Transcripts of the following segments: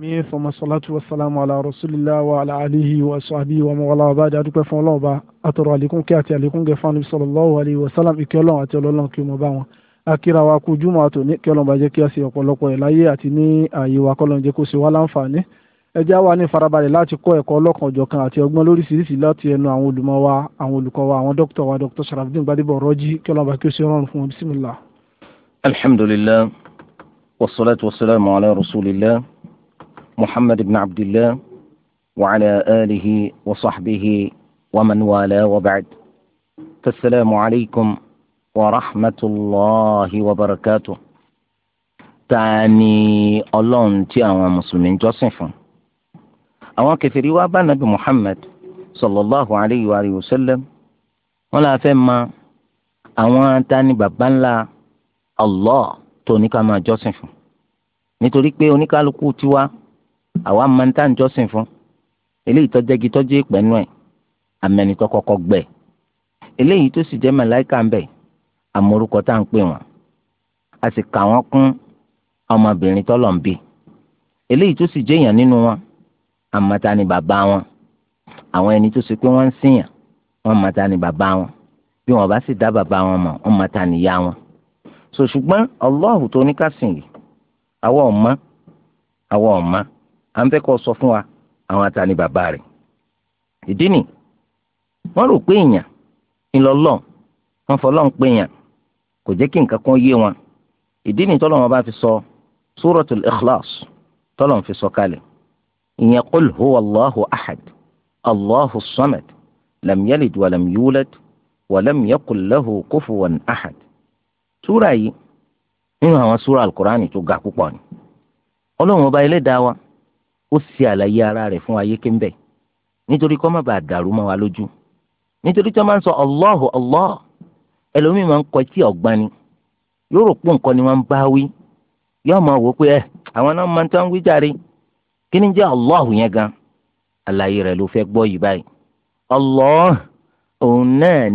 mi fama salatu wa salamu ala rasulillah wa ala alihi wa sahbihi wa mawala wa baadi adúpẹ́ fún Ọlọ́run ba atọrọ alikun kí àti alikun gẹ fún anabi sallallahu alayhi wa salam ìkẹ́ Ọlọ́run àti Ọlọ́run kí o mọ bá wa kú júmọ àtò ní kí Ọlọ́run bá jẹ́ kí a ṣe ọ̀pọ̀lọpọ̀ ẹ láyé àti ní ààyè wa kọlọn jẹ́ kó ṣe wá láǹfààní ẹ jẹ́ àwa ní farabalẹ̀ láti kọ́ ẹ̀kọ́ ọlọ́kan ọ̀jọ̀kan àti ọgbọ́n lóríṣiríṣi láti ẹnu àwọn olùmọ̀ wa àwọn olùkọ́ wa àwọn dókítà wa dr sharafdin gbadebo rọjí kí Ọlọ́run محمد بن عبد الله وعلى آله وصحبه ومن والاه وبعد فالسلام عليكم ورحمة الله وبركاته tani ọlọ́run tí àwọn mùsùlùmí ń jọ́sìn fún àwọn kẹfìrí wa bá nàbì muhammed sallallahu alayhi wa sallam wọn là fẹ́ mọ̀ àwọn tani bàbá ńlá allah tó oníkà máa jọ́sìn fún nítorí pé oníkálukú tiwa àwa máa ń tá à ń jọ́sìn fún eléyìí tó jẹ́gi tó jẹ́ ìpẹ́nu ẹ̀ amẹ́nitọ́ kọ́kọ́ gbẹ̀ eléyìí tó sì jẹ́ màláìka ń bẹ̀ àmọ́rúkọ tá à ń pè wọ́n a sì kà wọ́n kún ọmọbìnrin tọ́lọ̀ ń bí eléyìí tó sì jẹ́yàn nínú wọn àmọ́ta ni bàbá wọn àwọn ẹni tó ṣe pé wọ́n ń sìnyàn wọ́n mọ̀ta ni bàbá wọn bí wọ́n bá sì dá bàbá wọn mọ̀ wọ́n mọ̀ta ni ìyá wọn so ṣùgbọ́n Allahu tó ní ká sìn yìí àwa ò mọ̀ àwa à ń fẹ́ kọ́ sọ fún wa àwọn ata ni bàbá rẹ̀ ìdí ni wọ́n rò pé èèyàn ńlọlọ́ wọ́n fọlọ́ ń pè èèyàn kò jẹ́ kí nǹkan kan yé wọn ìdí ni tọ́lọ́ wọn bá fi sọ suratul ikhlas tọ́lọ́ fi sọ kalẹ̀ ìyẹn qul huwa allahu ahad allahu samad lam yalid wa lam yulad wa lam yakul lahu ahad súra yìí nínú àwọn súra alukur'ani tó ga púpọ̀ ni ọlọ́run ọba ẹlẹ́dàá wa ó ṣe àlàyé ara rẹ̀ fún wa yéké ń bẹ̀ nítorí kó má bàa dàrú mọ́ wa lójú nítorí tí wọ́n máa ń sọ Allahu Allah ẹlòmíì máa ń kọ etí ọ̀gbani yóò rò pé nǹkan ni wọ́n ń bá wí yóò máa ẹ eh, àwọn náà máa ń tán wí járe kí ni jẹ́ yẹn gan àlàyé rẹ̀ ló fẹ́ gbọ́ yìí báyìí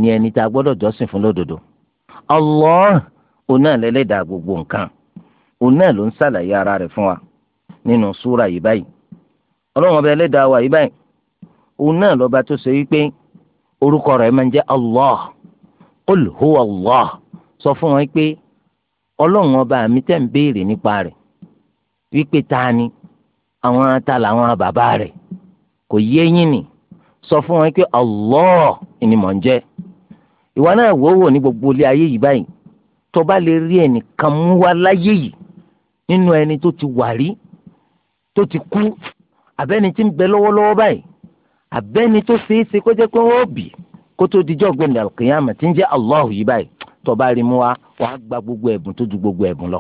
ni ẹni tá a gbọ́dọ̀ jọ́sìn fún lódodo òun náà lẹ́lẹ́dàá gbogbo nǹkan òun náà ló ń ọlọ́run ọba ẹlẹ́dàá wa yìí báyìí òun náà lọ́ba tó ṣe wípé orúkọ rẹ̀ máa ń jẹ́ allah qul huwa allah sọ fún wọn pé ọlọ́run ọba mi tẹ̀ ń béèrè nípa rẹ̀ wípé ta ni àwọn ata làwọn bàbá rẹ̀ kò yé yín ni sọ fún wọn pé allah ni mò ń jẹ́ ìwọ náà wò ní gbogbo ilé ayé yìí báyìí tó lè rí ẹnìkan mú wá láyé yìí nínú ẹni tó ti wà rí tó ti kú abẹ́ni tí ń bẹ lọ́wọ́lọ́wọ́ báyìí abẹ́ni tó ṣeé ṣe kó jẹ́ pé wọ́n bì kó tó dijọ́ gbẹ̀ndẹ̀ àlùkìyàmà tí ń jẹ́ Allahu yìí báyìí tó bá rí mu wa wàá gba gbogbo ẹ̀bùn tó ju gbogbo ẹ̀bùn lọ.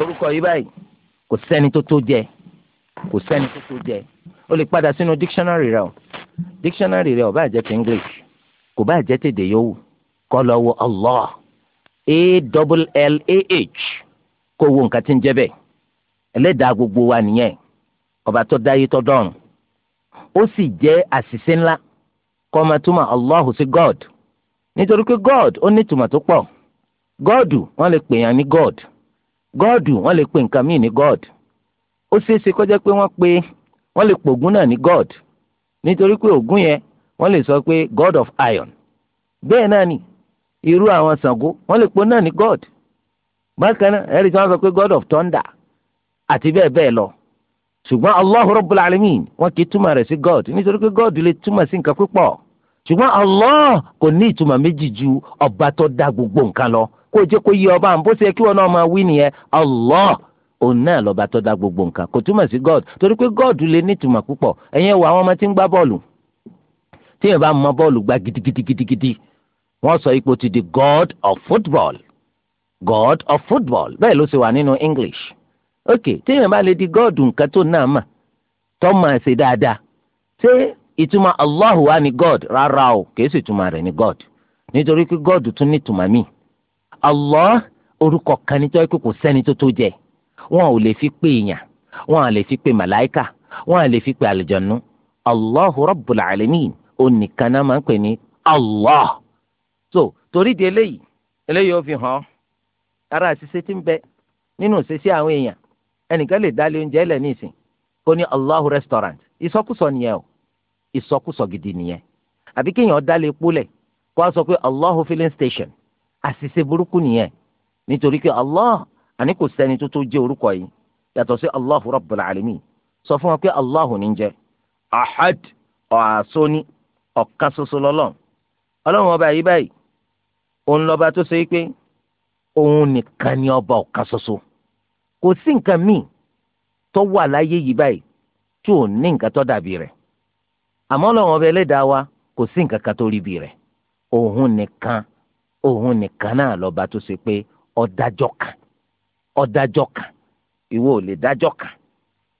orúkọ yìí báyìí kò sẹ́ni tó tó jẹ kò sẹ́ni tó tó jẹ o lè padà sínú dictionary rẹ o dictionary rẹ o bá jẹ́ ti English kò bá jẹ́ tèdè yòówù kọ́ lọ wo Allah a double l a h kó wo nǹkan tí ń jẹ́ bẹ́ẹ̀ ẹlẹ́dàá gbogbo wa nìyẹn ọba tó dáyé tó dọ̀run ó sì jẹ́ àṣìṣe ńlá kọ máa túmọ̀ Allahu sí God nítorí pé God ó ní ìtumọ̀ tó pọ̀ gọ́ọ̀dù wọ́n lè pè yàn ní God gọ́ọ̀dù wọ́n lè pè nǹkan míì ní God ó ṣeé ṣe wọ́n pe wọ́n lè pògùn náà ní God nítorí pé ògùn yẹn wọ́n lè sọ pé God of iron bẹ́ẹ̀ náà ni irú àwọn wọ́n lè pò náà ní God bákan náà ẹ̀rí tí wọ́n sọ pé God of thunder àti bẹ́ẹ̀ bẹ́ẹ̀ lọ ṣùgbọ́n allah rabbul alamin wọn kì í túmọ̀ rẹ̀ sí god nítorí pé god lè túmọ̀ sí nǹkan púpọ̀ ṣùgbọ́n allah kò ní ìtumọ̀ méjì ju ọba tó dá gbogbo nǹkan lọ kó o jẹ́ kó yí ọba àǹbó ṣe kí wọn náà máa wí nìyẹn allah òun náà lọ́ba tó dá gbogbo nǹkan kò túmọ̀ sí god torí pé god lè ní ìtumọ̀ púpọ̀ ẹ̀yẹn wò àwọn ọmọ tí ń gbá bọ́ọ̀lù tí yẹn bá mọ bọ́ọ̀lù gbá gidigidigidigidi wọ́n sọ ipò ti di god of football god of football bẹ́ẹ̀ ló ṣe wà nínú english ok téèyàn bá lè di gọ́ọ̀dù nǹkan tó náà mà tó máa ṣe dáadáa ṣé ìtumọ̀ allahu wa ni god rárá o kìí ṣe ìtumọ̀ rẹ̀ ni god nítorí pé god tún ní ìtumọ̀ míì allah orúkọ kan ní tọ́jú pé kò sẹ́ni tó tó jẹ wọn ò lè fi pé èèyàn wọn à lè fi pé màláìkà wọn à lè fi pé àlùjànnú allahu rabbul alamin onìkan náà máa ń pè ní allah so torí di eléyìí eléyìí ó fi hàn ara àṣìṣe tí ń bẹ nínú òṣìṣẹ́ àwọn èèyàn ẹnìkan lè dálé oúnjẹ ẹlẹ nísìn kó ní allahu restaurant ìsọkúsọ nìyẹn o ìsọkúsọ gidi nìyẹn àbí kéèyàn dálé pólẹ kó a sọ pé allahu filling station àṣìṣe burúkú nìyẹn nítorí pé allah àní kò sẹ́ni tó tó jẹ́ orúkọ yìí yàtọ̀ sí allahu rabbul alamin sọ fún wa pé allahu ní jẹ́ ahad ọ̀hásóní ọ̀kan ṣoṣo lọ́lọ́ ọlọ́run ọba yìí báyìí òun lọ́ba tó ṣe é pé òun nìkan ni ọba ọ̀kan ṣoṣo. kò sí nǹkan míì tó wà láyé yìí báyìí tí ò ní nǹkan tó dàbí rẹ̀ àmọ́ Ọlọ́run ọba ẹlẹ́dàá wa kò sí nǹkan kan tó rí bí rẹ̀ òun nìkan òun nìkan náà lọba tó ṣe pé ọ̀dájọ́ kan ọ̀dájọ́ kan ìwọ ò lè dájọ́ kan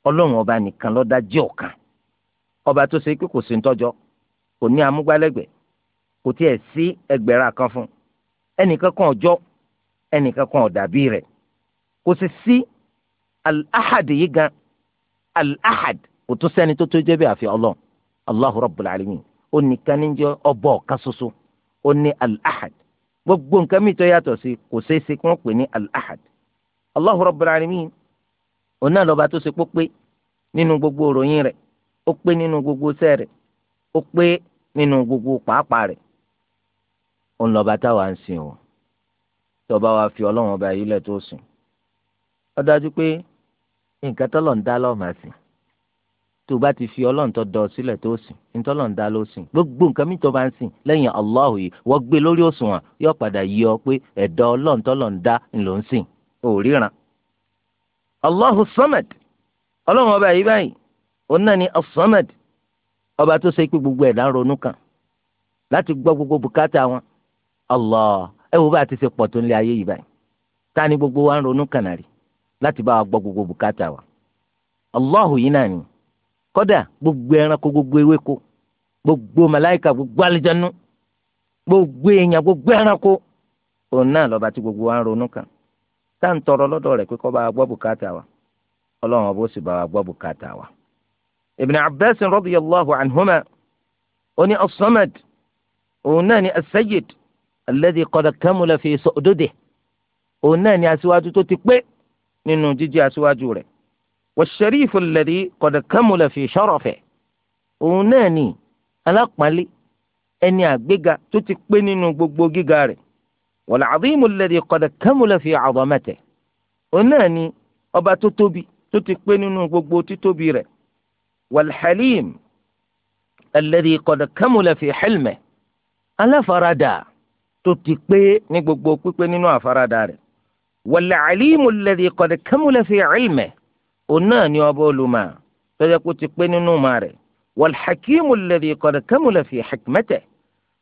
Ọlọ́run ọba nìkan lọ́dájọ́ ọ̀kan ọba tó ṣe pé kò sí ntọ́jọ́ kò ní amúgbálẹ́gbẹ̀ẹ́ kò tiẹ̀ sí ẹgbẹ̀rún kan fún ẹnìkan kan ọjọ́ ẹnìkan kan ọ̀dàbí rẹ kò sì sí al-ahad yìí gan al-ahad kò tó sẹ́ni tó tó jẹ́ bí àfi ọlọ́run allahu rabbul alamin ó nìkan ní jẹ́ ọba ọ̀kan ṣoṣo ó ní al-ahad gbogbo nǹkan mi tó yàtọ̀ sí kò ṣeé ṣe kí wọ́n pè ní al-ahad allahu rabbul alamin òun náà lọ́ba tó ṣe pé pé nínú gbogbo òròyìn rẹ̀ ó pé nínú gbogbo iṣẹ́ rẹ̀ ó pé nínú gbogbo pàápàá rẹ̀ òun lọ́ba táwa ń sìn o tọ́ba wa fi ọlọ́run ọba yìí lẹ̀ tó sìn ó dájú pé nǹkan tọ́lọ̀ ń dá lọ́ọ̀mà sí tó bá ti fi ọlọ́run tó dọ̀ sílẹ̀ tó sìn nítọ́lọ̀ ń dá ló sìn gbogbo nǹkan mi tó bá ń sìn lẹ́yìn Allahu yìí wọ́n gbé lórí òṣùwọ̀n yóò padà yí ọ pé ẹ̀dọ̀ ọlọ́run tọ́lọ̀ ń dá ńlò ń sìn ò ríran. Allahu Samad ọlọ́run ọba yìí báyìí òun náà ni as-Samad ọba tó ṣe pé gbogbo ẹ̀dá ń ronú kan láti gbọ́ gbogbo Allah ẹ wo bá a ti ṣe pọ̀ tó ń lé ayé yìí báyìí ta ni gbogbo láti bá wa gbọ́ gbogbo bùkátà wa allahu yìí náà ni kódà gbogbo ẹranko gbogbo ewéko gbogbo màláìka gbogbo alìjánu gbogbo èèyàn gbogbo ẹranko òun náà lọ́ba tí gbogbo wa ń ronú kàn tá à ń tọrọ lọ́dọ̀ rẹ̀ pé kó bá wa gbọ́ bùkátà wa ọlọ́run ọba ó sì bá wa gbọ́ bùkátà wa. ibn abbas radiyallahu anhuma oní as òun náà ni as-sayyid alladhi qad kamula fi su'dudihi òun náà ni aṣíwájú tó ti pé nínú jíjẹ́ aṣíwájú rẹ̀ wàṣẹ́rífù lẹ́dí kọ̀dọ̀kámúlẹ̀ fi ṣọ́rọ̀fẹ̀ òun náà ni alápọ̀nlé ẹni àgbéga tó ti pé nínú gbogbo gíga rẹ̀ wàlàdímù lẹ́dí kọ̀dọ̀kámúlẹ̀ fi àdọ̀mẹ́tẹ̀ òun náà ni ọba tó tóbi tó ti pé nínú gbogbo títóbi rẹ̀ wàlhálìm lẹ́dí kọ̀dọ̀kámúlẹ̀ fi xilmẹ̀ aláfaradà tó ti pé ní gbogbo pípé nínú àfaradà rẹ̀ wàlẹ̀ àlímù lẹ́dí kọ̀dẹ̀ kẹ́múlẹ̀ fi ilmẹ̀ òun náà ni ọba olùmọ̀ tọ́jà kó ti pé nínú ma rẹ̀ wàlẹ̀ hakimu lẹ́dí kọ̀dẹ̀ kẹ́múlẹ̀ fi hikmẹ́tẹ̀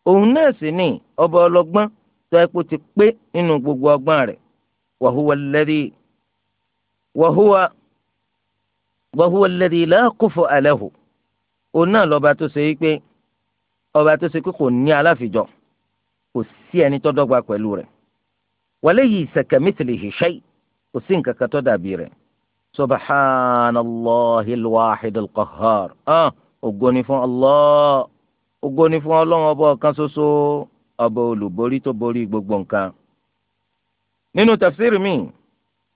òun náà sì ni ọba ọlọ́gbọ́n tọ́jà kó ti pé nínú gbogbo ọgbọ́n rẹ̀ wàhúwa lẹ́dí wàhúwa wàhúwa lẹ́dí àlẹ́hù òun náà lọ́ba tó ṣe yí pé ọba tó ṣe pé kò ní aláfijọ́ kò sí ẹni tó pẹ̀lú rẹ̀ walaysa kamithlihi shay kò sí nǹkan kan tó dàbí rẹ̀ subhanallahi alwahid alqahhar ah ògo ni fún allah ògo ni fún ọlọ́run ọba ọ̀kan ṣoṣo ọba olùborí tó borí gbogbo nǹkan. nínú tafsir mi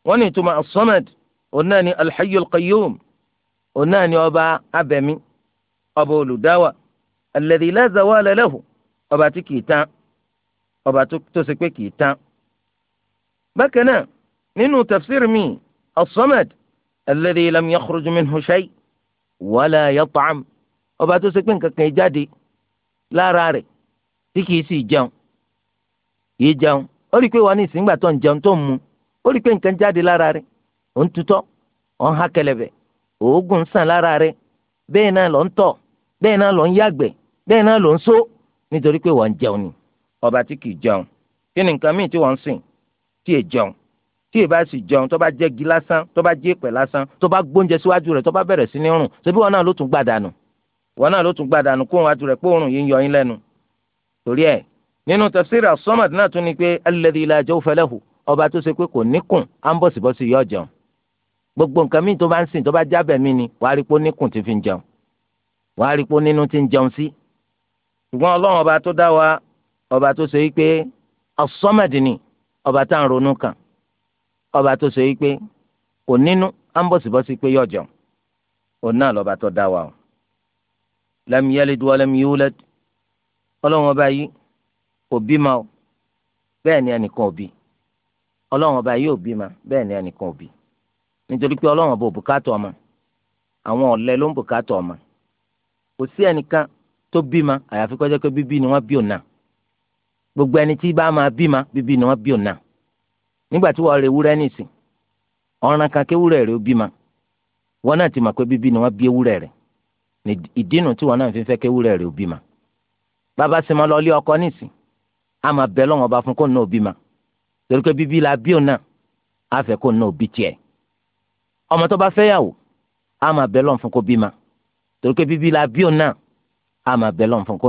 wọ́n ní ìtumọ̀ as-samad òun náà ni alhayyul qayyum òun ni ọba abẹ̀mí ọba olùdáwà alladhi la zawala ọba tí kìí tán ọba tó ṣe pé kìí tán bákan náà nínú tafsir mi as-samad alladhi lam yakhruj minhu shay wala yat'am ọba tó ṣe pé nǹkan kan jáde lára rẹ̀ tí kìí sì jẹun kìí jẹun ó rí i pé wà ní ìsìngbà tó ń jẹun tó ń mu ó rí i pé nǹkan jáde lára rẹ̀ ó ń tutọ́ ó ń ha kẹlẹ̀bẹ̀ òógùn ń sàn lára rẹ̀ bẹ́ẹ̀ náà ló ń tọ̀ bẹ́ẹ̀ náà ló ń yàgbẹ́ bẹ́ẹ̀ náà ló ń só nítorí pé wọ́n ń jẹun ni ọba tí kìí jẹun kí ni nǹkan míì tí wọ́n ń sìn tí è jẹun tí èbá sì jẹun tó bá jẹ gi lásán tó bá jẹ pẹ lásán tó bá gbóúnjẹ síwájú rẹ tó bá bẹ̀rẹ̀ sí ní rùn ṣebí wọn náà ló tún gbàdánù wọn náà ló tún gbàdánù kó wọn àtúrẹ pé òórùn yìí ń yọ yín lẹ́nu. torí ẹ nínú tafsiri as náà tún ni pé alladhi la jawfa lahu ọba tó ṣe pé kò níkùn á ń bọ̀sibọ́sì yọ jẹun gbogbo nǹkan míì tó bá ń sìn tó bá jábẹ̀ mí ni wàá rí pé níkùn ti fi ń jẹun wàá rí pé nínú ti ń jẹun sí. ṣùgbọ́n ọlọ́run ọba tó dá wa ọba tó ṣe wípé as-Samad ni ọba tá à ń ronú kàn ọba tó ṣe wípé kò nínú á ń bọ̀sibọ́sí pé yọ̀ jọ̀ òun náà lọ́ba tó dá wa o lam yalid wa lam yulad ọlọ́run ọba yìí kò bímọ o bẹ́ẹ̀ ni ẹnìkan ò bí ọlọ́run ọba yìí ò bímọ bẹ́ẹ̀ ni ẹnìkan ò bí nítorí pé ọlọ́run ọba ò bùkátà ọmọ àwọn ọ̀lẹ ló ń bùkátà ọmọ kò sí ẹnìkan tó bímọ àyàfi kọjá pé bíbí ni wọ́n bí òun náà gbogbo ẹni tí bá máa bímọ bíbí ni wọ́n bí òun náà nígbà tí wọ́n rẹ̀ ewúrẹ́ nìsín ọ̀ràn kan kéwúrẹ́ rẹ̀ ó bímọ wọn náà ti mọ̀ pé bíbí ni wọ́n bí ewúrẹ́ rẹ̀ ìdínú tí wọn náà fi fẹ́ kéwúrẹ́ rẹ̀ ó ma bàbá sinmi lọ lé ọkọ nìsín a máa bẹ fún kó torí pé bíbí la bí a fẹ́ kó ọmọ tó bá fẹ́ a máa fún kó torí pé bíbí la bí a máa bẹ fún kó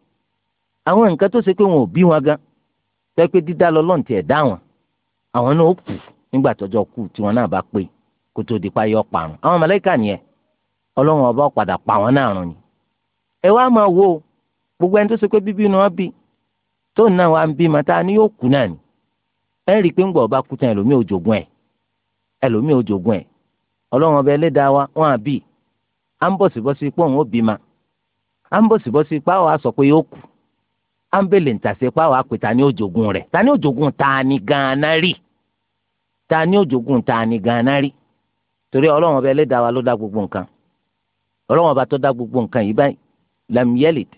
àwọn nǹkan tó ṣe pé wọn ò bí wọn gan tẹ́ pé dídá lọ́lọ́run tiẹ̀ dá wọn àwọn náà ó kù nígbà tọ́jọ́ kù tí wọn náà bá pé kó tó di pa yọ parun àwọn màláíkà nìyẹn ọlọ́run ọba padà pa wọn náà run ni. ẹ wá gbogbo ẹni tó bíbí ni wọ́n bí náà wá bí ọlọ́run ọba ẹlẹ́dàá wa wọ́n á ma à ń bọ̀sibọ́sí pé ámbélé ntàsepá wàá pè ta ni òjògùn rẹ̀ ta ni òjògùn ta ni ganan rí ta ni òjògùn ta ni ganan rí torí ọlọ́run ọba ẹlẹ́dàá wa ló dá gbogbo nǹkan ọlọ́run ọba tó dá gbogbo nǹkan yìí báyìí lam yẹlẹd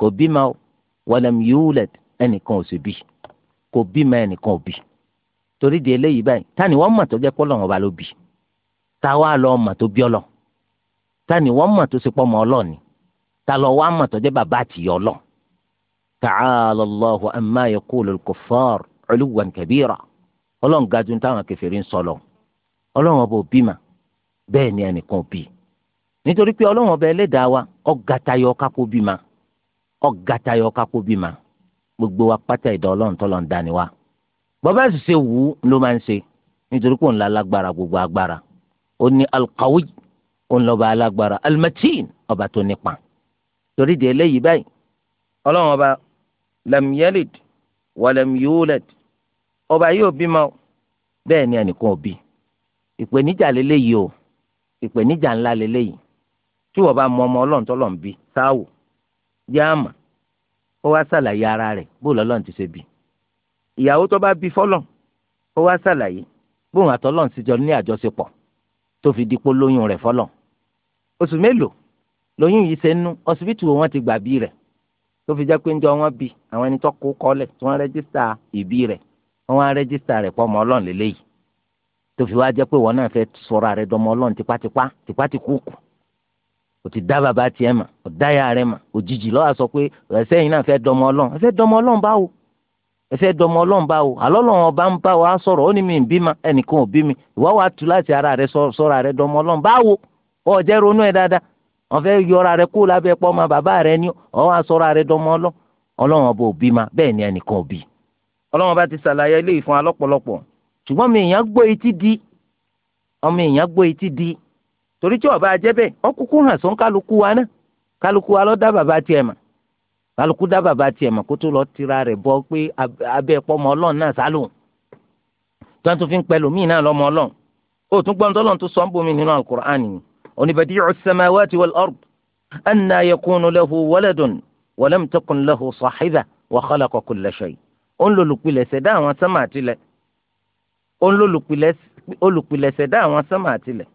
kò bímọ o wà lam yúlẹd ẹnìkan ò sì bí kò bímọ ẹnìkan ò bí torí di eléyìí báyìí ta ni wọ́n mọ̀ tó jẹ́ pé ọlọ́run ọba ló bí ta wá lọ mọ̀ tó bí ọlọ́ ta wọ́n mọ̀ tó ṣe pọ́ mọ́ ọlọ́ọ̀ni ta lọ wá mọ̀ tó jẹ́ bàbá àtìyọ́ ọlọ́ọ̀ ta'ala Allahu amma yaqulu al-kuffar uluwan kabira ọlọ́run ga ju táwọn kèfèrí ń sọlọ ọlọ́run ọba òbí mà bẹ́ẹ̀ ni ẹnìkan òbí nítorí pé ọlọ́run ọba ẹlẹ́dàá wa ọ̀gá tayọ kákó bí ma ọ̀gá tayọ kákó bí ma gbogbo wa pátá ìdá ọlọ́run tọ́lọ̀ ń dání wa bàbá àṣìṣe wù ú ló máa ń ṣe nítorí pé òun la lágbára gbogbo agbára ó ní alqawi òun lọ́ba alágbára almatin ọba tó nípa torí di eléyìí báyìí ọlọ́run ọba lam yalid wa lam yulad ọba yóò bímọ bẹ́ẹ̀ ni ẹnìkan ò bí ìpèníjà lélẹ́yìí o ìpèníjà ńlá lélẹ́yìí tí wọ́n bá mọ ọmọ ọlọ́run tọ́lọ̀ ń bí sáwò yáàmà ó wá ṣàlàyé ara rẹ̀ bóòlù ọlọ́run ti ṣe bí ìyàwó tó bá bí fọ́lọ̀ ó wá ṣàlàyé bóòlù àtọ́lọ́run ti jọ ní àjọṣepọ̀ tó fi di polóyún rẹ̀ fọ́lọ̀ oṣù mélòó lóyún yìí ṣe ń nú ọsibítù wọn ti gbà bí rẹ̀ tó fi jẹ́ pé njọ wọn bí àwọn ẹni tó kó kọ́lẹ̀ tí wọ́n rẹ́jísítà ìbí rẹ̀ wọ́n wá rẹ́jísítà rẹ̀ pọ̀ mọ́ ọlọ́run lélẹ́yìí tó fi wá jẹ́ pé wọn náà fẹ́ sọ̀rọ̀ rẹ̀ dọmọ ọlọ́run tipátipá tipátikúùkù o ti dá bàbá tiẹ̀ mà o dá rẹ̀ mà òjijì lọ́wọ́ sọ pé ẹ̀sẹ̀ yìí náà fẹ́ dọmọ ọlọ́run ẹ̀fẹ́ dọmọ ọlọ́run báwo ẹ̀fẹ́ dọmọ ọlọ́run ń bá wa sọ̀rọ̀ ó ní mi ń bí ma ẹnìkan ò bí mi ìwọ́ wa tu láti ara rẹ̀ sọ̀rọ̀ rẹ̀ dọmọ ọlọ́run báwo ọ̀ ronú ẹ̀ dáadáa wọ́n fẹ́ yọra rẹ kó lábẹ́ pọ́ ma bàbá rẹ ni wọ́n wá rẹ dánmọ́ ọlọ́ ọlọ́run ọba òbí ma bẹ́ẹ̀ ni ẹnìkan òbí ọlọ́run ọba ti ṣàlàyé ilé ìfún alọ́pọ̀lọpọ̀ ṣùgbọ́n mi èèyàn gbọ́ etí di ọmọ èèyàn gbọ́ etí di torí tí ọba jẹ́ bẹ́ẹ̀ ọkùnkùn hàn sọ́n kálukú wa náà kálukú wa lọ́ dá bàbá tiẹ̀ mà kálukú dá bàbá tiẹ̀ mà kó tó lọ tira rẹ̀ bọ́ pé abẹ́ pọ́mọ ọlọ́run náà sálò tí wọ́n tún fi ń pẹ́ lòmíì náà lọ́mọ oní badi'u as-samawati wal-ard anna yakunu lahu waladun wa lam takun lahu sahiba wa khalaqa kulla shay. ó ń lo olùpilẹ̀ ṣẹ̀dá àwọn sánmà àtìlẹ̀ ó ń lo olùpilẹ̀ ṣẹ̀dá àwọn sánmà àtìlẹ̀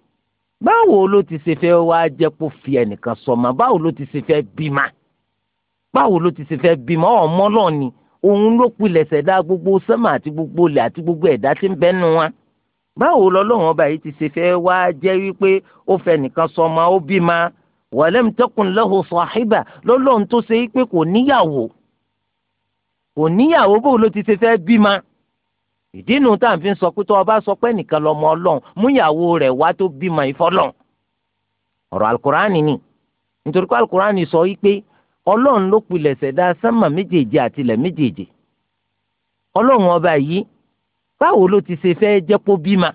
báwo ló ti ṣe fẹ́ wá jẹ́ kó fi ẹnìkan sọmọ báwo ló ti ṣe fẹ́ bímọ báwo ló ti ṣe fẹ́ bímọ ọmọ náà ni òun ló pilẹ̀ ṣẹ̀dá gbogbo sánmà àti gbogbo ilẹ̀ àti gbogbo ẹ̀dá tí ń bẹ́nu wa. báwo lọ́lọ́run ọba yìí ti ṣe fẹ́ wá jẹ́ wípé ó fẹ́ nìkan sọmọ ó bímọ walam takun lahu sahiba lọ́lọ́run tó ṣe wípé kò níyàwó kò níyàwó bó ló ti ṣe fẹ́ ìdí nu tá à ń fi sọ pé tó ọba sọ pé nìkan lọmọ ọlọ́run múyàwó rẹ̀ wá tó ọ̀rọ̀ alukurani ni nítorí pé sọ wípé ọlọ́run ló pilẹ̀ sánmà àtilẹ̀ ọba yìí báwo ló ti ṣe fẹ́ jẹ́ kó bímọ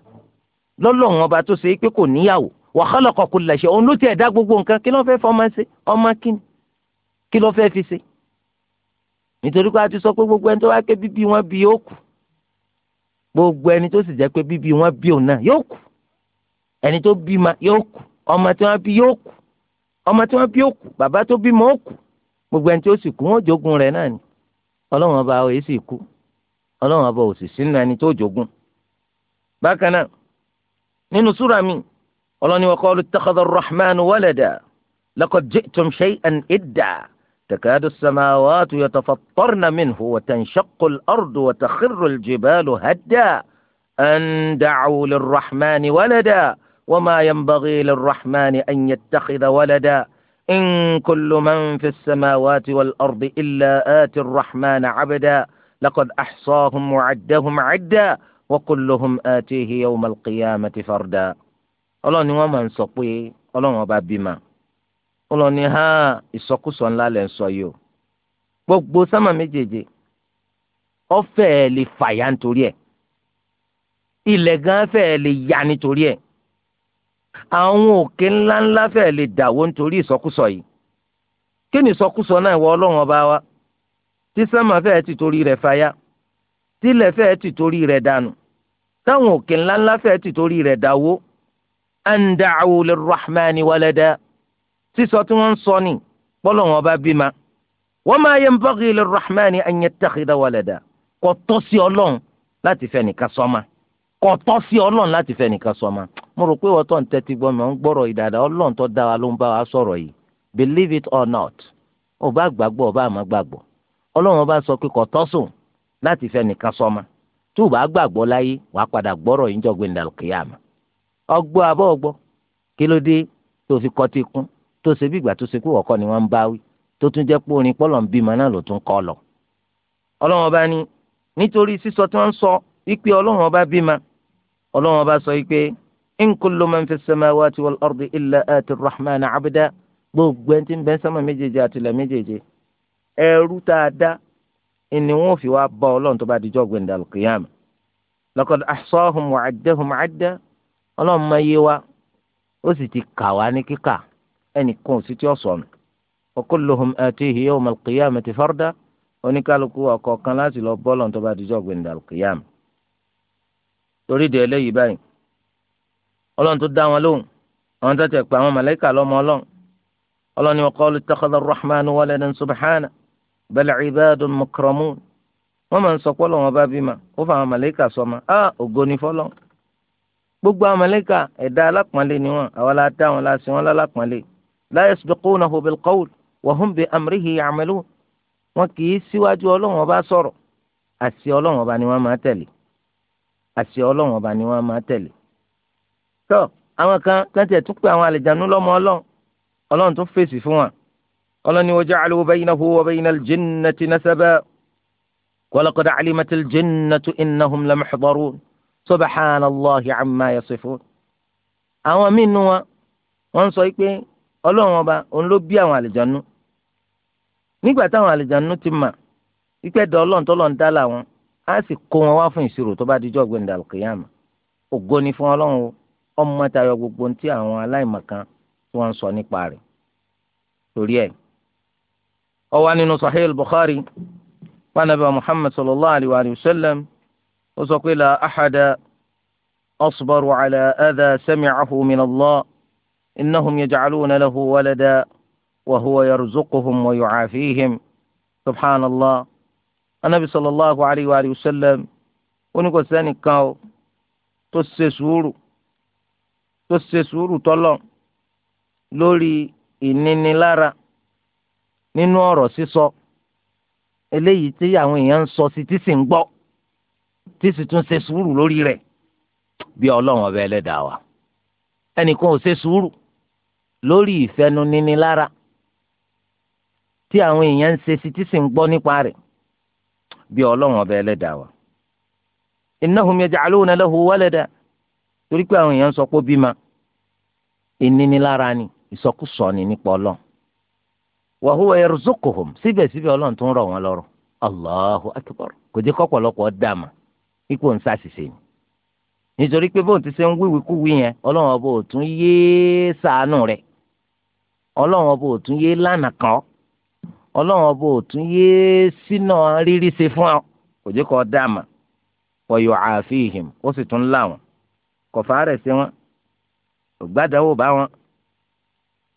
lọ́lọ́run ọba tó ṣe pé kò níyàwó wa khalaqa kulla shay òun ló ti ẹ̀dá gbogbo nǹkan kí ló fẹ́ fọmọ ṣe ọmọ kíni kí ló fẹ́ fi ṣe nítorí pé a ti sọ pé gbogbo ẹni tó wá ké bíbí wọn bí yóò kú gbogbo ẹni tó sì jẹ́ pé bíbí wọn bí òun náà yóò kú ẹni tó bímọ yóò kú ọmọ tí wọn bí yóò kú ọmọ tí wọn bí yóò kú bàbá tó bímọ ó kú gbogbo ẹni tó sì kú wọn jogun rẹ̀ náà ni ọlọ́run ọba òye ọlọ́run ọba òsìsì nínú ẹni tó jogún bákan náà nínú súra mi ọlọ́ni wa qalu ittakhadha ar-rahmanu walada laqad ji'tum shay'an idda takadu as-samawatu yatafattarna minhu wa tanshaqqu al-ardu wa takhirru al-jibalu hadda an da'u lir-rahmani walada وما ينبغي للرحمن أن يتخذ ولدا إن كل من في السماوات والأرض إلا آتي الرحمن عبدا لقد أحصاهم وعدهم عدا وكلهم آتيه يوم القيامة فردا ọlọ́run ni wọ́n máa ń sọ pé ọlọ́run ọba bímọ ọlọ́run ni ha ìsọkúsọ ńlá lẹ̀ ń sọ yìí o gbogbo sámà méjèèjì ọ̀fẹ́ lè fàyà nítorí ẹ̀ ilẹ̀ gan fẹ́ lè ya nítorí ẹ̀ àwọn òkè ńláńlá fẹ́ lè dàwó nítorí ìsọkúsọ yìí kí ni ìsọkúsọ náà ìwọ ọlọ́run ọba wa tí sánmà fẹ́ẹ́ ti torí rẹ̀ fàya tílẹ̀ fẹ́ẹ́ ti torí rẹ̀ dànù táwọn òkè ńláńlá fẹ́ẹ́ ti torí rẹ̀ dáwó an da'u lirrahmani walada sísọ tí wọ́n ń sọ ni pọ́lọ́wọ́n bá bímá wa ma yanbaghi lirrahmani an yattakhidha walada kò tọ́ sí ọlọ́run láti fẹ́ nìkan sọ́mà kò tọ́ sí ọlọ́run láti fẹ́ nìkan sọ́mà mo rò pé wọ́n tó ń tẹ́tí gbọ́ ọlọ́run bá sọ pé kò tọ́sùn láti fẹ́ nìkan sọmọ tó o bá gbàgbọ́ láyé wàá padà gbọ́rọ̀ yín jọ̀gbìn dàlùkìyàmà ọgbọ́ abọ́ ọgbọ́ kí ló dé tó fi kọ́ tó ṣe bí ìgbà tó ṣe ọkọ ni wọ́n ń bá wí tó tún jẹ́ pé orin pọ́lọ̀ ń bímọ náà ló tún kọ́ lọ. ọlọ́run ọba nítorí sísọ sọ wípé abda gbogbo ẹni tí ń ẹrú tá a dá ni wọn fi wá bá ọlọ́run tó bá di jọ́ gbẹ̀ndà lùkìyàmù laqad ahsahum wa addahum adda ọlọ́run máa yé wa ó sì ti kà wá ní kíkà ẹnìkan ò sì ti ọ̀sọ̀ nù wa kulluhum atihi yawma al-qiyamati farda oníkálukú ọ̀kọ̀ọ̀kan láti lọ bá ọlọ́run tó bá di jọ́ gbẹ̀ndà lùkìyàmù torí de eléyìí báyìí ọlọ́run tó dá wọn lóhùn àwọn tó tẹ̀ pé àwọn màláíkà lọ́mọ ọlọ́run ọlọ́run ni wọ́n qalu ittakhadha ar-rahmanu waladan subhanahu bal ibadun mukramun wọ́n máa ń sọ pé Ọlọ́run bá bímọ ó fa àwọn màlẹ́kà sọmọ á ògo ni fọlọ́ gbogbo àwọn màlẹ́kà ẹ̀dá alápọ̀nlé ni wọ́n àwọn aláta wọn láti wọn lálápọ̀nlé la yasbiqunahu bil qawl wa hum bi amrihi ya'malun wọn kì í síwájú Ọlọ́run bá sọ̀rọ̀ àṣẹ Ọlọ́run bá ni wọ́n máa tẹ̀lé àṣẹ Ọlọ́run bá ni wọ́n máa tẹ̀lé tó àwọn kan kẹ́ntẹ̀ tún pé àwọn àlejànú lọ́mọ Ọlọ́run Ọlọ́run tún fèsì fún wọn ọlọ́ni wa ja'alu baynahu wa bayna al-jinnati nasaba wa laqad 'alimat al-jinnatu innahum lamuhdharun subhanallahi amma yasifun. àwọn míín nu wọn wọ́n sọ pé ọlọ́run ọba òun ló bí àwọn àlìjánu nígbà táwọn àlìjánu ti mà pípẹ́ dọ̀ ọlọ́run tọ́lọ́ ń dá làwọn á sì kó wọn wá fún ìṣirò tó bá dijọ́ gbẹ̀ndà al ògo ni fún ọlọ́run o ọmọ tayọ gbogbo ohun tí àwọn aláìmọ̀kan tí wọ́n ń sọ nípa rẹ̀ torí ẹ̀ ọwọ́ nínú sahih bukhari panabi muhammad sallallahu alayhi wa sallam ó sọ pé la axada asbaru cala ada samicahu min allah innahum yajcaluuna lahu walada wa huwa yarzuquhum wa yucaafihim subhanallah anabi sallallahu alayhi wa sallam ó ní kò sẹ́nìkan o tó ṣe sùúrù tó ṣe sùúrù tọ́lọ̀ lórí ìnínilára. nínú ọ̀rọ̀ sísọ eléyìí tí àwọn èèyàn ń sọ sí tí sì ń gbọ́ tí sì tún ṣe sùúrù lórí rẹ̀ bí ọlọ́run ọba ẹlẹ́dàá wa ẹnìkan ò ṣe sùúrù lórí ìfẹnunilára tí àwọn èèyàn ń ṣe sí tí sì ń gbọ́ nípa rẹ̀ bí ọlọ́run ọba ẹlẹ́dàá wa innahum yaj'aluna lahu walada torí pé àwọn èèyàn ń sọ pé ó bímọ ìnínilára ni ìsọkúsọ ni nípa ọlọ́run wa huwa yarzuquhum síbẹ̀síbẹ̀ ọlọ́run tó ń rọ̀ wọ́n lọ́rọ̀ allahu akbar kò jẹ́ kọ́pọ̀lọpọ̀ dààmú ipò ń ṣàṣìṣe ni nítorí pé bóun ti ṣe ń yẹn ọlọ́run ọba ò yé yéé ṣàánú ọlọ́run ọba fún ọ kò jẹ́ kọ́ ọ̀yọ̀ àfihìm ó sì tún wọn rẹ̀ wọn ògbádàwò bá wọn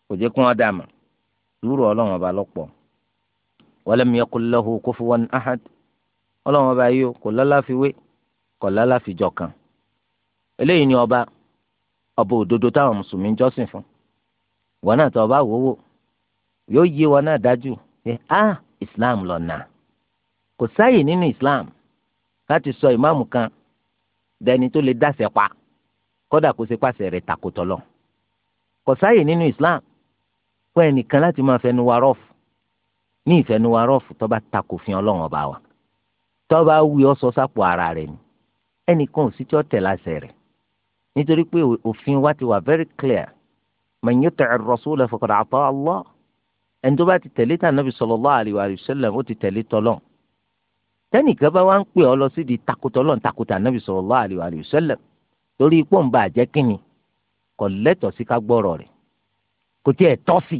kò jẹ́ sùúrù ọlọ́run ọba lọ́pọ̀ walam yakul lahu kufuwan ahad ọlọ́run ọba yìí kò lọ́láfiwé kò lọ́láfijọ́ kan eléyìí ni ọba ọba òdodo táwọn mùsùlùmí ń jọ́sìn fún wọn náà tó ọba wòówò yóò yé wọn náà dájú pé a ah, islam lọ́nà kò sáàyè nínú islam láti sọ ìmáàmù kan dẹni tó lè dáṣẹ pa kódà kó ṣe rẹ̀ takòtọ lọ kò sáàyè nínú islam fún ẹnìkan láti máa fẹnu wa rọ́ọ̀fù ní ìfẹnu wa rọ́ọ̀fù tó bá takò fi ọlọ́run ọba wa tó bá wí ọ sọ sápò ara rẹ ni ẹnìkan ò sí tí ó tẹ̀ láṣẹ rẹ̀ nítorí pé òfin wa ti wà very clear man yuti'i ar-rasula faqad ata Allah ẹni tó bá ti tẹ̀lé tà nàbì sallallahu alaihi wa sallam ó ti tẹ̀lé tọ́lọ́n tẹ́nìkan bá wá ń pè ọ lọ sí di takotọ́lọ́n takotà nàbì sallallahu alaihi wa sallam torí ipò ń bá àjẹ́ kínni kò lẹ́tọ̀ọ́ sí ká gbọ́rọ̀ rẹ̀ kò tiẹ̀ tọ́ sí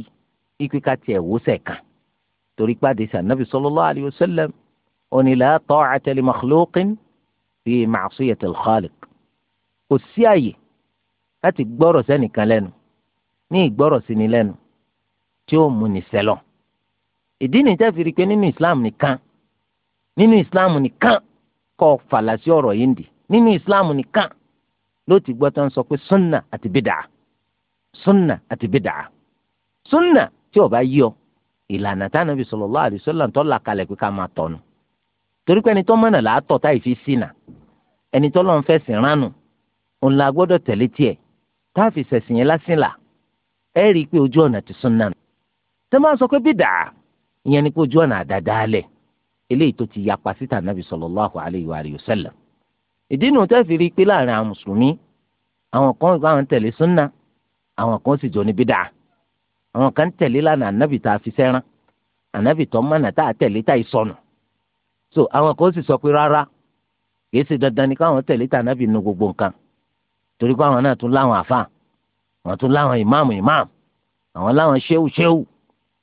ikú ká tiẹ̀ wò sẹ̀kan torí pàdé sí anabi sallallahu alayhi wa sallam ó ní la ta'ata li makhluqin fi ma'siyati al-khaliq kò sí àyè láti gbọ́rọ̀ sẹ́nìkan lẹ́nu ní ìgbọ́rọ̀ sí ni lẹ́nu tí ó mú ni sẹ́lọ̀ ìdí nìjẹ́ fi rí i pé nínú islam nìkan nínú islam nìkan kọ́ fàlàsí ọ̀rọ̀ yìí ndì nínú islam nìkan ló ti gbọ́ tán sọ pé sunna àti bidà sunna àti bidà súnà tí ó bá yí ọ ìlànà tánàbí sallallahu alaihi wasallam tó là kalẹ̀ pé ká máa tọ̀nù torí pé ẹni tó mọ̀nà làátọ̀ táì fi sínà ẹni tó lọ́n fẹ̀sìn ránù òun la gbọ́dọ̀ tẹ̀lé tiẹ̀ táàfì sẹ̀sìn yẹn lásìn là ẹ rí i pé ojú ọ̀nà ti súnà nù tẹ́ máa sọ pé bídà ìyẹn ni pé ojú ọ̀nà àdàdálẹ̀ eléyìí tó ti yapa síta nàbì sallallahu alaihi wasallam ìdí nu tẹ́ fi rí i pé láàrin àwọn mùsùlùmí àwọn kan àwọn àwọn kan tẹ̀lé lánà ànábì tá a fi sẹ́rán ànábì tó mọ̀nà tá a tẹ̀lé tá a sọnù so àwọn kan ó sì sọ pé rárá kìí ṣe dandan ni káwọn tẹ̀lé tá ànábì nu gbogbo nǹkan torí pé àwọn náà tún láwọn àfa àwọn tún láwọn ìmáàmù ìmáàmù àwọn láwọn ṣéwù ṣéwù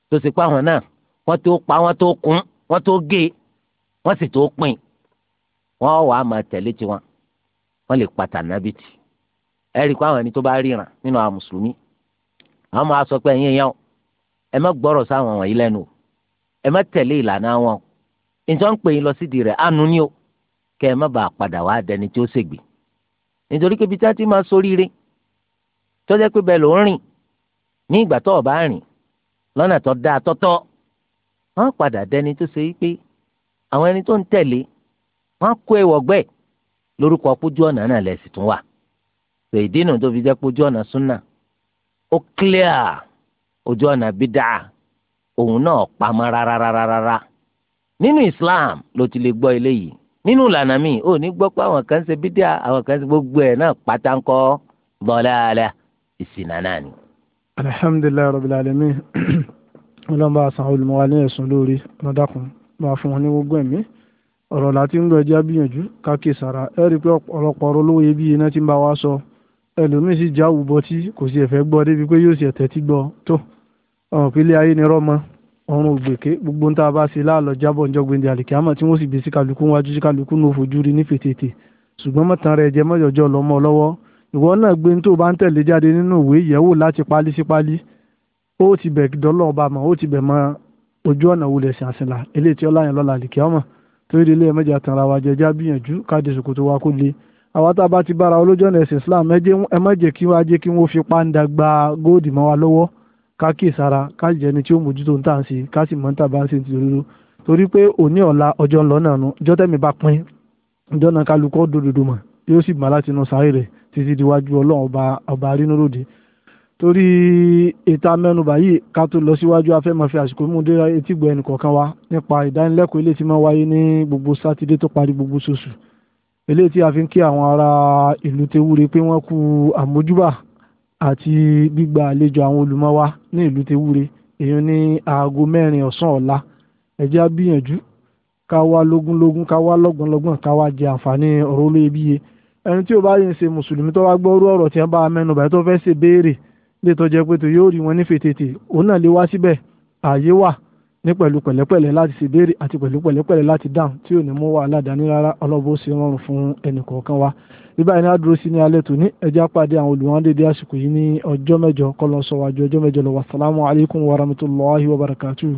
tó ṣe pé àwọn náà wọ́n tó pa wọ́n tó kún wọ́n tó gé wọ́n sì tó pín wọ́n wàá máa tẹ̀lé tiwọn wọ́n lè pàtàkì nábìtì ẹ̀rí pé àwọn ẹni tó bá ríran nínú àwọn mùsùlùmí àwọn máa sọ pé ẹ̀yin yẹn gbọrọ ẹ má gbọ́rọ̀ sáwọn wọ̀nyí lẹ́nu ẹ má tẹ̀lé ìlànà wọn o ìjọ ń pè yín lọ rẹ̀ àánú ni kẹ́ ẹ má bàa padà wá dẹni tí ó ṣègbè nítorí pé tí ti máa soríire tọ́jà pé bẹ́ẹ̀ ló ń rìn ní ìgbà tó o bá rìn lọ́nà tó dáa tọ́tọ́ wọ́n padà dẹni tó ṣe pé àwọn ẹni tó ń tẹ̀lé wọ́n kó ewọ̀gbẹ́ lórúkọ ó clear ojú ọ̀nà bídà òun náà pamọ́ rárárárá nínú Islam ló ti lè gbọ́ eléyìí nínú ìlànà mi ò ní gbọ́ pé àwọn kan ṣe bídà àwọn kan ṣe gbogbo ẹ̀ náà pátánkọ́ bọ́láàlà ìsìnà náà ni. alhamdulilayi rabbil alamin ọlọ́mọba àṣà olùmọ̀wá ní ẹ̀sùn lórí ọ̀dàkùn máa fún wọn ní gbogbo ẹ̀mí ọ̀rọ̀ láti ń lọ ẹja gbìyànjú káàkiri sàrà ẹ̀rí pé ọ̀pọ̀lọpọ̀ ọ̀rọ̀ olówó iyebíye náà ti ń bá wa sọ ẹlòmíín sì já wùbọ tí kò sì ẹ̀fẹ́ gbọ́ débi pé yóò sì ẹ̀tẹ́ tí gbọ́ tó ọ̀hún pé ilé ayé ni rọ́mọ ọ̀run ògbèké gbogbo níta bá ṣe láàlọ́ jábọ̀ níjọ́ gbèndé àlìkíámọ̀ tí wọ́n sì gbé sí kálukú wájú sí kálukú ní òfojú rí ní fètètè ṣùgbọ́n mọ̀tàn rẹ̀ jẹ́ mọ́jọ́jọ́ lọ́mọ lọ́wọ́ ìwọ náà gbé ní tó bá ń tẹ̀lé jáde nínú ìwé ìyẹ̀wò láti pálí sí pálí ó ti bẹ̀ dọ́lọ́ ọba mọ̀ ó ti bẹ̀ mọ ojú ọ̀nà wulẹ̀ sí àṣìlá eléyìí tí ọláyàn lọ́la àlìkíámọ̀ torí ilé ẹ̀mẹ́jà tanra wa jẹjá gbìyànjú káàdì ṣòkòtò wa kó le àwa tá a bá ti bára olójọ́ ọ̀nà ẹ̀sìn Islam ẹ má jẹ́ kí wọ́n á jẹ́ kí wọ́n fi páńdà gba góòdì mọ́ wa lọ́wọ́ ká kí ìsara ká jẹ́ ẹni tí ó mójútó ń tà ń ṣe ká sì mọ́ ń tà bá ń ṣe nítorí rú torí pé òní ọ̀la ọjọ́ ńlọ náà nu ọjọ́ tẹ̀mí bá pín ọjọ́ náà kálukọ́ dòdòdò mọ̀ yóò sì gbà láti inú sáré rẹ̀ títí diwájú Ọlọ́run ọba ọba torí ìta mẹ́nubà wa nípa ìdánilẹ́kọ̀ọ́ ilé tí máa wáyé ní gbogbo sátidé tó parí eléyìí tí a fi ń kí àwọn ará ìlú tewúre pé wọ́n kú àmójúbà àti gbígba àlejò àwọn olùmọ̀ wa ní ìlú tewúre èèyàn ní aago mẹ́rin ọ̀sán ọ̀la ẹ jẹ́ á gbìyànjú ká wá lógúnlógún ká wá lọ́gbọ̀nlọ́gbọ̀n ká wá jẹ àǹfààní ọ̀rọ̀ olóyebíye ẹni tí ó bá yẹn ṣe mùsùlùmí tó wá gbọ́rú ọ̀rọ̀ tí wọ́n bá mẹ́nu bàyẹ́ tó fẹ́ ṣe béèrè lè tọ́jú pé tó yóò rí wọn ní fètètè òun náà lè wá síbẹ̀ ààyè wà ní pẹ̀lú pẹ̀lẹ́pẹ̀lẹ́ láti ṣe béèrè àti pẹ̀lú pẹ̀lẹ́pẹ̀lẹ́ láti dáhùn tí ò ní mú wàhálà dání rárá ọlọ́bó ṣe rọrùn fún ẹnìkọ̀ọ̀kan wa. bí báyìí ní àdúró sí ní alẹ́ tòní ẹjẹ́ pàdé àwọn olùwọ́n dédé àsìkò yìí ní ọjọ́ mẹ́jọ kọ́ lọ́sọ̀wájú ọjọ́ mẹ́jọ lọ́wọ́ assalamu alaikum warahmatullahi wabarakatuh